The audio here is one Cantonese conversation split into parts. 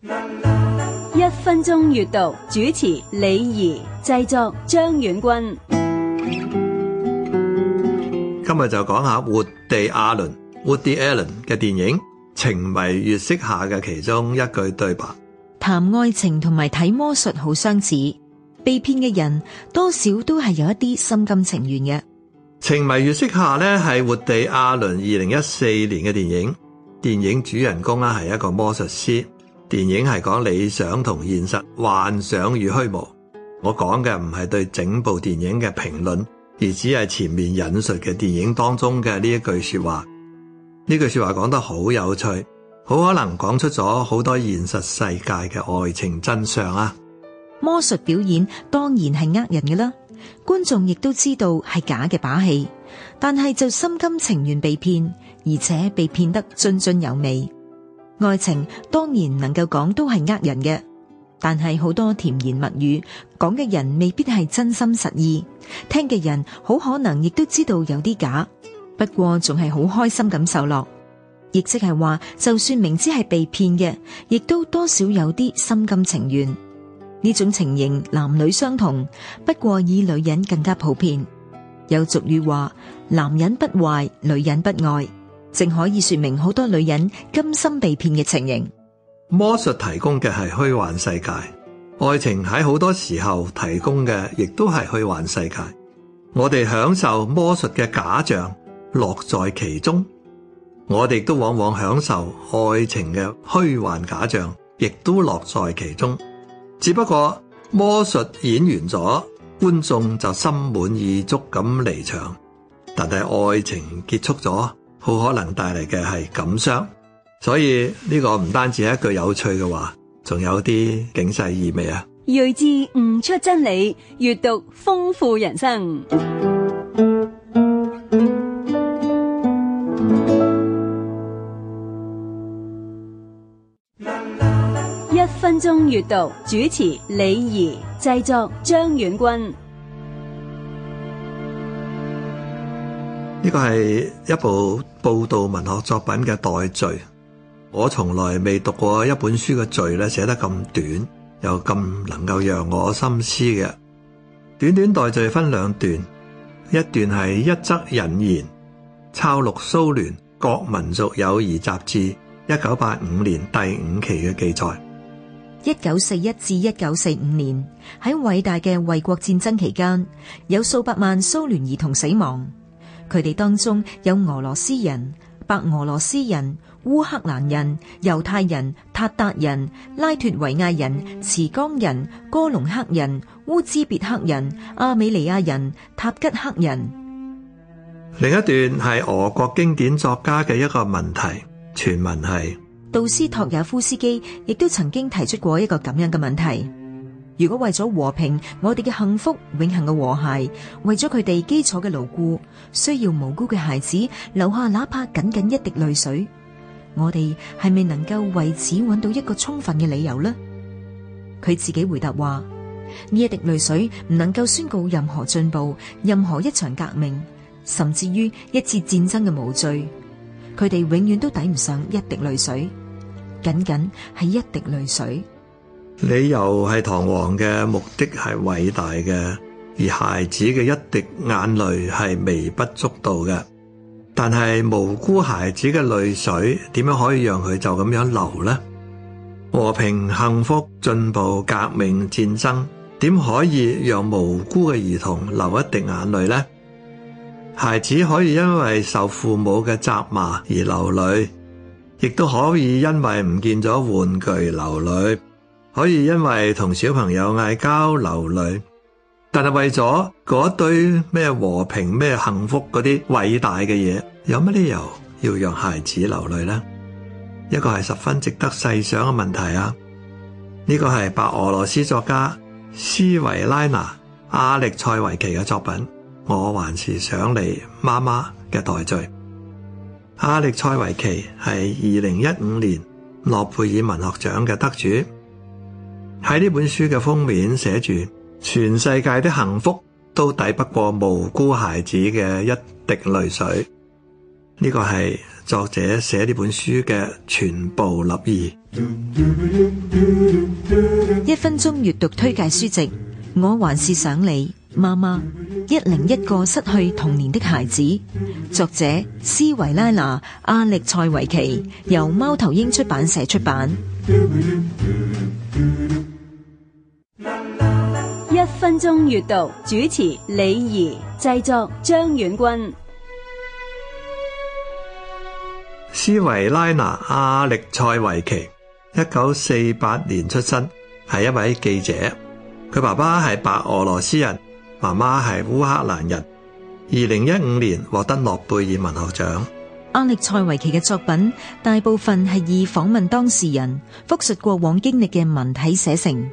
一分鐘閱讀主持李儀，製作張遠君。 今日就講下活地亞倫活地亞倫嘅電影《情迷月色下》嘅其中一句對白：談愛情同埋睇魔術好相似，被騙嘅人多少都係有一啲心甘情願嘅。 《情迷月色下》咧係活地亞倫二零一四年嘅電影，電影主人公啦係一個魔術師。電影係講理想同現實，幻想與虛無。我講嘅唔係對整部電影嘅評論，而只係前面引述嘅電影當中嘅呢一句說話。呢句說話講得好有趣，好可能講出咗好多現實世界嘅愛情真相啊！魔術表演當然係呃人嘅啦，觀眾亦都知道係假嘅把戲，但係就心甘情願被騙，而且被騙得津津有味。愛情當然能夠講都係呃人嘅，但係好多甜言蜜語講嘅人未必係真心實意，聽嘅人好可能亦都知道有啲假，不過仲係好開心咁受落，亦即係話就算明知係被騙嘅，亦都多少有啲心甘情願。呢種情形男女相同，不過以女人更加普遍。有俗語話：男人不壞，女人不愛。正可以說明好多女人甘心被騙嘅情形。魔術提供嘅係虛幻世界，愛情喺好多時候提供嘅亦都係虛幻世界。我哋享受魔術嘅假象，樂在其中；我哋都往往享受愛情嘅虛幻假象，亦都樂在其中。只不過魔術演完咗，觀眾就心滿意足咁離場；但係愛情結束咗。好可能帶嚟嘅係感傷，所以呢個唔單止係一句有趣嘅話，仲有啲警示意味啊！睿智悟出真理，閲讀豐富人生。 一分鐘閲讀，主持李怡，製作張遠軍。呢個係一部報道文學作品嘅代序，我從來未讀過一本書嘅序咧，寫得咁短又咁能夠讓我心思嘅。短短代序分兩段，一段係一則引言，抄錄蘇聯《各民族友誼雜誌》雜誌一九八五年第五期嘅記載。一九四一至一九四五年喺偉大嘅衛國戰爭期間，有數百萬蘇聯兒童死亡。佢哋當中有俄羅斯人、白俄羅斯人、烏克蘭人、猶太人、塔達人、拉脫維亞人、池江人、哥隆克人、烏茲別克人、阿美尼亞人、塔吉克人。另一段係俄國經典作家嘅一個問題，傳聞係杜斯托也夫斯基亦都曾經提出過一個咁樣嘅問題。如果為咗和平，我哋嘅幸福永恒嘅和諧，為咗佢哋基礎嘅牢固，需要無辜嘅孩子留下哪怕僅僅一滴淚水，我哋係咪能夠為此揾到一個充分嘅理由呢？佢自己回答話：呢一滴淚水唔能夠宣告任何進步、任何一場革命，甚至於一次戰爭嘅無罪。佢哋永遠都抵唔上一滴淚水，僅僅係一滴淚水。理由係堂皇嘅，目的係偉大嘅，而孩子嘅一滴眼淚係微不足道嘅。但係無辜孩子嘅淚水，點樣可以讓佢就咁樣流呢？和平、幸福、進步、革命、戰爭，點可以讓無辜嘅兒童流一滴眼淚呢？孩子可以因為受父母嘅責罵而流淚，亦都可以因為唔見咗玩具流淚。可以因為同小朋友嗌交流淚，但係為咗嗰堆咩和平咩幸福嗰啲偉大嘅嘢，有乜理由要讓孩子流淚呢？一個係十分值得細想嘅問題啊！呢個係白俄羅斯作家斯維拉娜·亞歷塞維奇嘅作品《我還是想你媽媽》嘅代序。亞歷塞維奇係二零一五年諾貝爾文學獎嘅得主。喺呢本書嘅封面寫住，全世界的幸福都抵不過無辜孩子嘅一滴淚水，呢個係作者寫呢本書嘅全部立意。一分鐘閱讀推介書籍，我還是想你媽媽，一零一個失去童年的孩子，作者斯維拉娜亞歷塞維奇，由貓頭鷹出版社出版。分鐘閱讀主持李怡，製作張遠軍。斯維拉娜·亞歷塞維奇，一九四八年出生，係一位記者。佢爸爸係白俄羅斯人，媽媽係烏克蘭人。二零一五年獲得諾貝爾文學獎。亞歷塞維奇嘅作品大部分係以訪問當事人、複述過往經歷嘅文體寫成。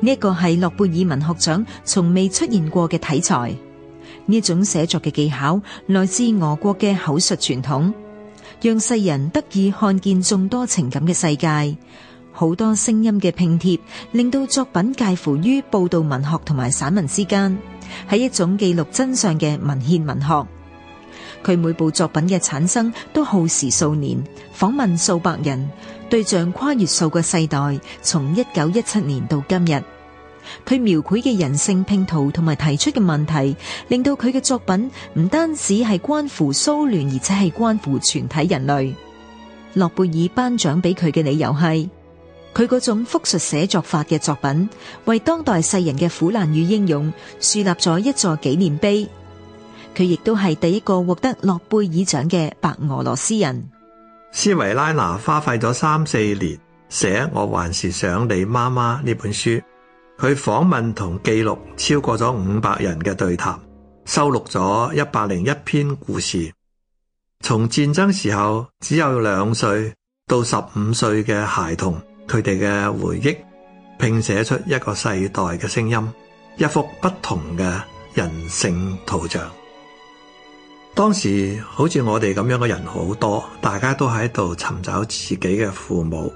呢一個係諾貝爾文學獎從未出現過嘅題材，呢種寫作嘅技巧來自俄國嘅口述傳統，讓世人得以看見眾多情感嘅世界，好多聲音嘅拼貼，令到作品介乎於報道文學同埋散文之間，係一種記錄真相嘅文獻文學。佢每部作品嘅產生都耗時數年，訪問數百人，對象跨越數個世代，從一九一七年到今日。佢描繪嘅人性拼圖同埋提出嘅問題，令到佢嘅作品唔單止係關乎蘇聯，而且係關乎全體人類。諾貝爾頒獎俾佢嘅理由係，佢嗰種複述寫作法嘅作品，為當代世人嘅苦難與英勇樹立咗一座紀念碑。佢亦都係第一個獲得諾貝爾獎嘅白俄羅斯人。斯維拉娜花費咗三四年寫《我還是想你媽媽》呢本書，佢訪問同記錄超過咗五百人嘅對談，收錄咗一百零一篇故事，從戰爭時候只有兩歲到十五歲嘅孩童，佢哋嘅回憶，拼寫出一個世代嘅聲音，一幅不同嘅人性圖像。當時好似我哋咁樣嘅人好多，大家都喺度尋找自己嘅父母，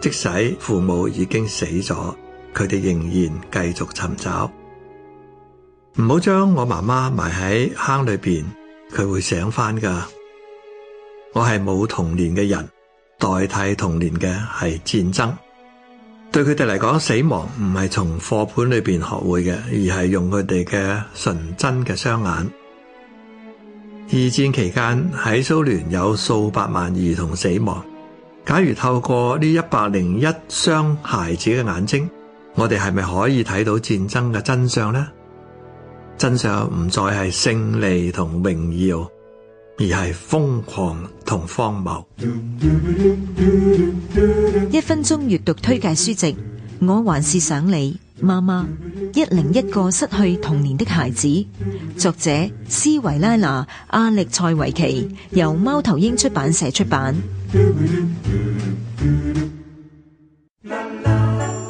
即使父母已經死咗，佢哋仍然繼續尋找。唔好將我媽媽埋喺坑裏邊，佢會醒翻噶。我係冇童年嘅人，代替童年嘅係戰爭。對佢哋嚟講，死亡唔係從課本裏邊學會嘅，而係用佢哋嘅純真嘅雙眼。二戰期間喺蘇聯有數百萬兒童死亡。假如透過呢一百零一雙孩子嘅眼睛，我哋係咪可以睇到戰爭嘅真相呢？真相唔再係勝利同榮耀，而係瘋狂同荒謬。一分鐘閱讀推介書籍，我還是想你。媽媽，一零一個失去童年的孩子。作者斯維拉娜·亞歷塞維奇，由貓頭鷹出版社出版。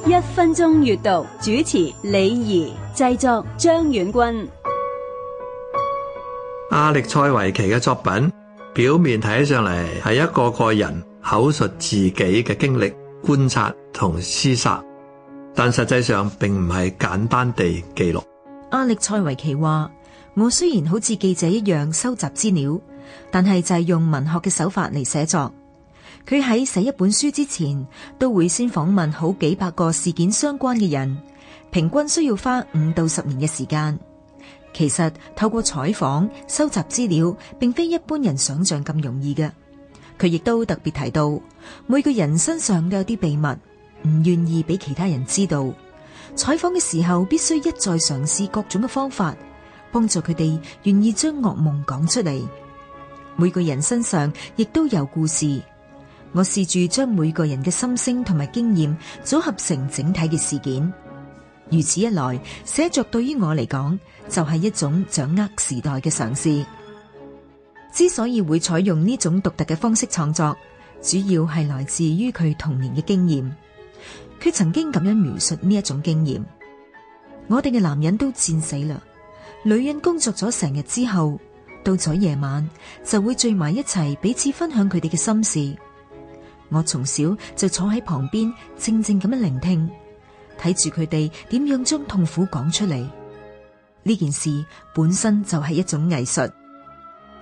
一分鐘閱讀，主持李儀，製作張遠軍。亞歷塞維奇嘅作品，表面睇起上嚟係一個個人口述自己嘅經歷、觀察同廝殺，但實際上並唔係簡單地記錄。亞歷塞維奇話：我雖然好似記者一樣收集資料，但係就係用文學嘅手法嚟寫作。佢喺寫一本書之前，都會先訪問好幾百個事件相關嘅人，平均需要花五到十年嘅時間。其實透過採訪、收集資料，並非一般人想像咁容易嘅。佢亦都特別提到，每個人身上都有啲秘密。唔願意俾其他人知道。採訪嘅時候，必須一再嘗試各種嘅方法，幫助佢哋願意將噩夢講出嚟。每個人身上亦都有故事。我試住將每個人嘅心聲同埋經驗組合成整體嘅事件。如此一來，寫作對於我嚟講就係一種掌握時代嘅嘗試。之所以會採用呢種獨特嘅方式創作，主要係來自於佢童年嘅經驗。佢曾經咁樣描述呢一種經驗：我哋嘅男人都戰死啦，女人工作咗成日之後，到咗夜晚就會聚埋一齊，彼此分享佢哋嘅心事。我從小就坐喺旁邊，靜靜咁樣聆聽，睇住佢哋點樣將痛苦講出嚟。呢件事本身就係一種藝術。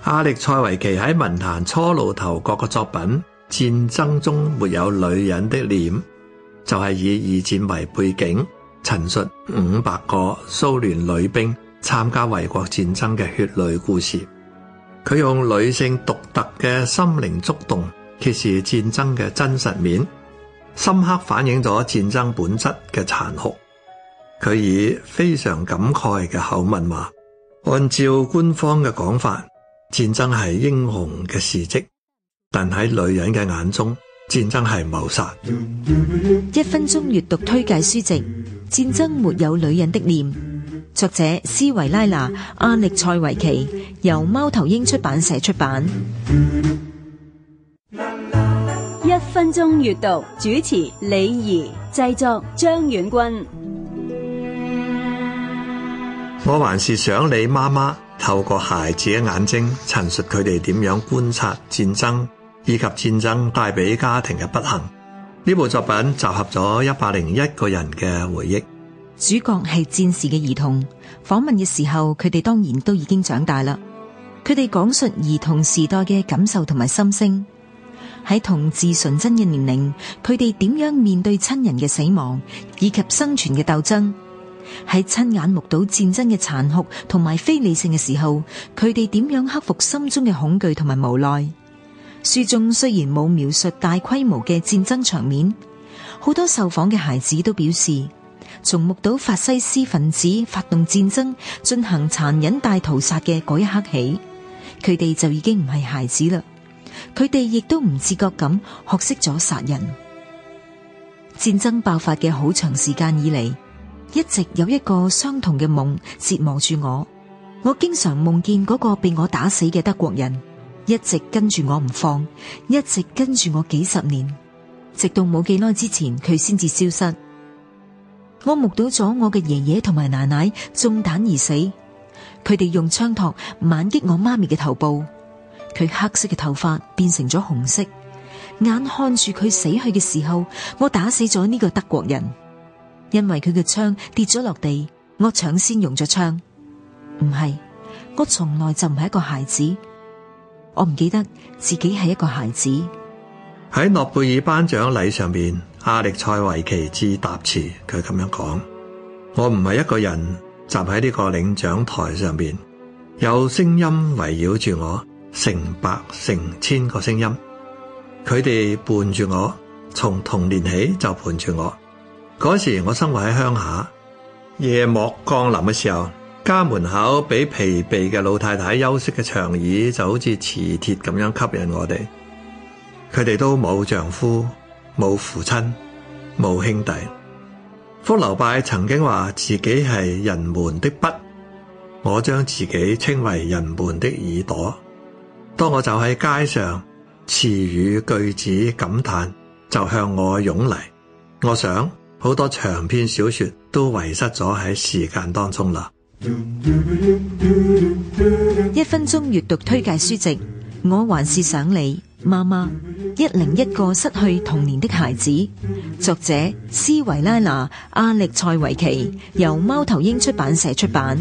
亞歷塞維奇喺文壇初露頭角嘅作品《戰爭中沒有女人的臉》。就係以二戰為背景，陳述五百個蘇聯女兵參加衛國戰爭嘅血淚故事。佢用女性獨特嘅心靈觸動，揭示戰爭嘅真實面，深刻反映咗戰爭本質嘅殘酷。佢以非常感慨嘅口吻話：按照官方嘅講法，戰爭係英雄嘅事蹟，但喺女人嘅眼中，戰爭係謀殺。一分鐘閱讀推介書籍《戰爭沒有女人的臉》，作者斯維拉娜·亞歷塞維奇，由貓頭鷹出版社出版。一分鐘閱讀主持李儀，製作張遠軍。我還是想你媽媽透過孩子的眼睛，陳述佢哋點樣觀察戰爭。以及戰爭帶俾家庭嘅不幸，呢部作品集合咗一百零一個人嘅回憶。主角係戰士嘅兒童，訪問嘅時候，佢哋當然都已經長大啦。佢哋講述兒童時代嘅感受同埋心聲，喺童稚純真嘅年齡，佢哋點樣面對親人嘅死亡以及生存嘅鬥爭？喺親眼目睹戰爭嘅殘酷同埋非理性嘅時候，佢哋點樣克服心中嘅恐懼同埋無奈？書中雖然冇描述大規模嘅戰爭場面，好多受訪嘅孩子都表示，從目睹法西斯分子發動戰爭、進行殘忍大屠殺嘅嗰一刻起，佢哋就已經唔係孩子啦。佢哋亦都唔自覺咁學識咗殺人。戰爭爆發嘅好長時間以嚟，一直有一個相同嘅夢折磨住我。我經常夢見嗰個被我打死嘅德國人。一直跟住我唔放，一直跟住我幾十年，直到冇幾耐之前，佢先至消失。我目睹咗我嘅爺爺同埋奶奶中彈而死，佢哋用槍托猛擊我媽咪嘅頭部，佢黑色嘅頭髮變成咗紅色。眼看住佢死去嘅時候，我打死咗呢個德國人，因為佢嘅槍跌咗落地，我搶先用咗槍。唔係，我從來就唔係一個孩子。我唔記得自己係一個孩子。喺諾貝爾頒獎禮上邊，亞歷塞維奇致答詞，佢咁樣講：我唔係一個人站喺呢個領獎台上邊，有聲音圍繞住我，成百成千個聲音，佢哋伴住我，從童年起就伴住我。嗰時我生活喺鄉下，夜幕降臨嘅時候。家門口俾疲憊嘅老太太休息嘅長椅，就好似磁鐵咁樣吸引我哋。佢哋都冇丈夫、冇父親、冇兄弟。福樓拜曾經話自己係人們的筆，我將自己稱為人們的耳朵。當我就喺街上，詞語句子感嘆就向我湧嚟。我想好多長篇小說都遺失咗喺時間當中啦。 一分鐘閱讀推介書籍，我還是想你，媽媽。一零一個失去童年的孩子，作者斯維拉娜·亞歷塞維奇，由貓頭鷹出版社出版。